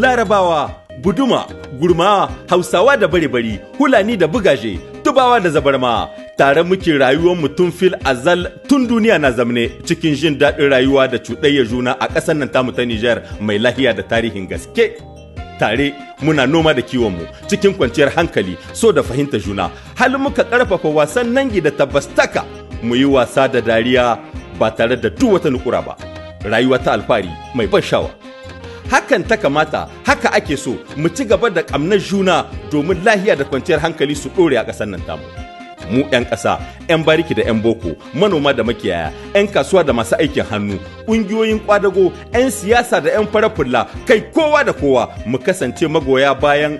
larabawa guduma gurma hausawa da bare-bari hulani da bugaje tubawa da zabarma tare muke rayuwar mutum fil azal tun duniya na zamne cikin jin daɗin rayuwa da cuɗayya juna a ƙasar nan tamu ta Nijar mai lahiya da tarihin gaske. Tare muna noma da kiwonmu cikin kwanciyar hankali so da fahimta juna hal muka ƙarfafa wasan nan da tabbastaka mu yi wasa da dariya ba tare da duk wata nukura ba. Rayuwa ta alfahari mai ban sha'awa. hakan ta kamata haka ake so mu ci gaba da ƙamnar juna domin lahiya da kwanciyar hankali su ɗore a ƙasar nan tamu mu 'yan ƙasa 'yan bariki da 'yan boko manoma da makiyaya 'yan kasuwa da masu aikin hannu ƙungiyoyin kwadago 'yan siyasa da 'yan fara kai kowa da kowa mu kasance magoya bayan